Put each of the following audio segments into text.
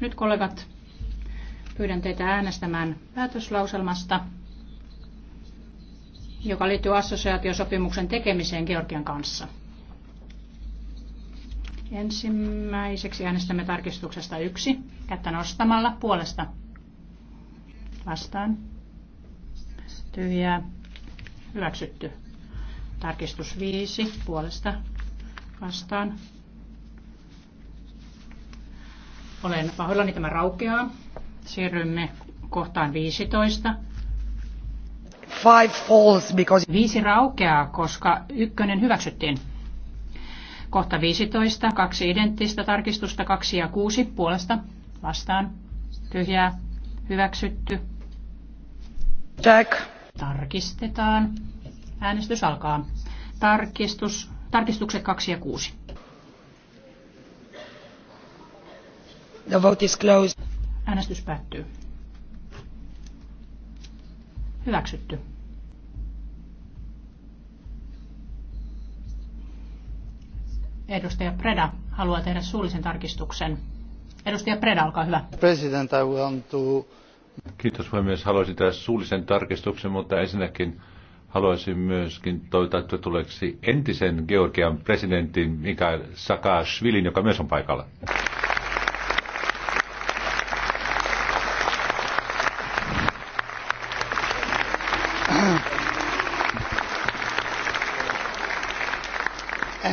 Nyt kollegat, pyydän teitä äänestämään päätöslauselmasta, joka liittyy assosiaatiosopimuksen tekemiseen Georgian kanssa. Ensimmäiseksi äänestämme tarkistuksesta yksi, kättä nostamalla puolesta. Vastaan. Tyhjää. Hyväksytty. Tarkistus viisi puolesta. Vastaan Olen pahoillani tämä raukeaa. Siirrymme kohtaan 15. Five falls because... Viisi raukeaa, koska ykkönen hyväksyttiin. Kohta 15, kaksi identtistä tarkistusta, kaksi ja kuusi puolesta vastaan. Tyhjää, hyväksytty. Check. Tarkistetaan. Äänestys alkaa. Tarkistus, tarkistukset kaksi ja kuusi. The vote is closed. Äänestys päättyy. Hyväksytty. Edustaja Preda haluaa tehdä suullisen tarkistuksen. Edustaja Preda, olkaa hyvä. President, I want to... Kiitos puhemies. Haluaisin tehdä suullisen tarkistuksen, mutta ensinnäkin haluaisin myöskin toivottaa tuleeksi entisen Georgian presidentin Mikael Saakashvilin, joka myös on paikalla.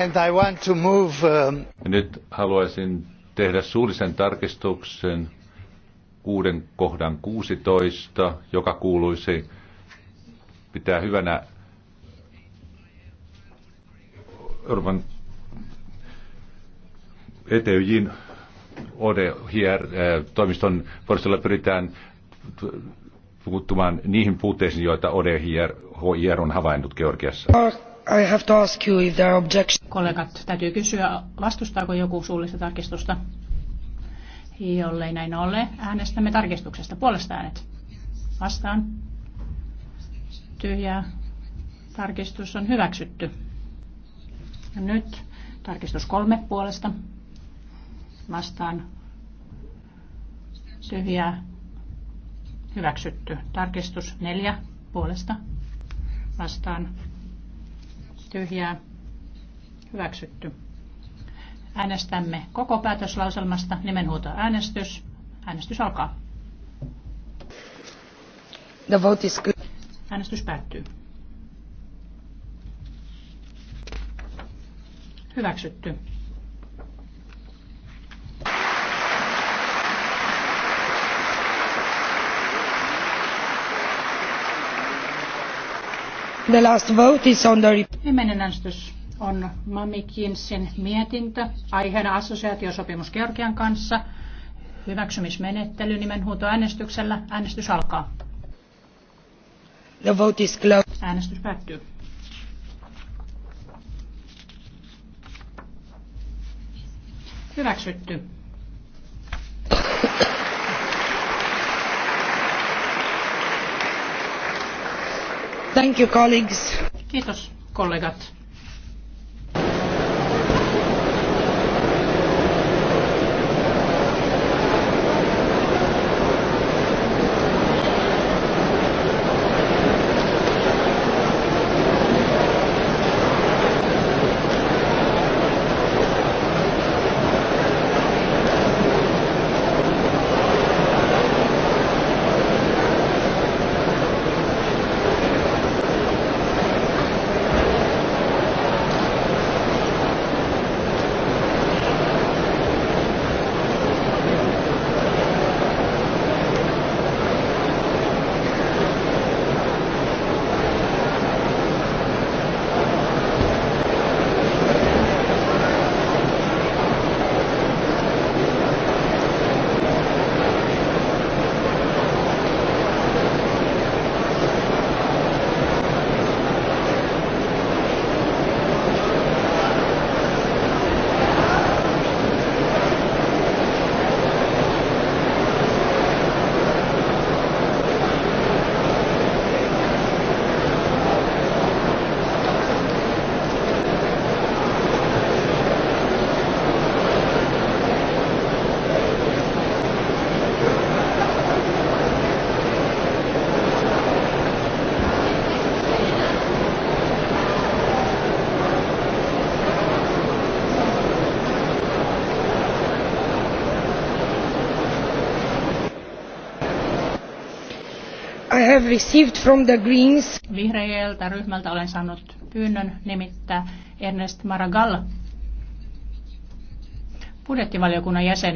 And I want to move, um... Nyt haluaisin tehdä suullisen tarkistuksen kuuden kohdan 16, joka kuuluisi pitää hyvänä Euroopan ETYJin ODHR-toimiston äh, puolustolla pyritään puuttumaan niihin puutteisiin, joita ODHR on havainnut Georgiassa. Kollegat, täytyy kysyä, vastustaako joku suullista tarkistusta? Jollei näin ole, äänestämme tarkistuksesta. Puolesta äänet. Vastaan. Tyhjää. Tarkistus on hyväksytty. Ja nyt tarkistus kolme puolesta. Vastaan. Tyhjää. Hyväksytty. Tarkistus neljä puolesta. Vastaan tyhjää, hyväksytty. Äänestämme koko päätöslauselmasta nimenhuuto äänestys. Äänestys alkaa. The vote is good. Äänestys päättyy. Hyväksytty. on Viimeinen äänestys on Mami Kinsin mietintö aiheena assosiaatiosopimus Georgian kanssa. Hyväksymismenettely äänestyksellä Äänestys alkaa. The vote is closed. Äänestys päättyy. Hyväksytty. Kiitos kollegat. have received from the Greens. Vihreältä ryhmältä olen saanut pyynnön nimittää Ernest Maragall budjettivaliokunnan jäseneksi.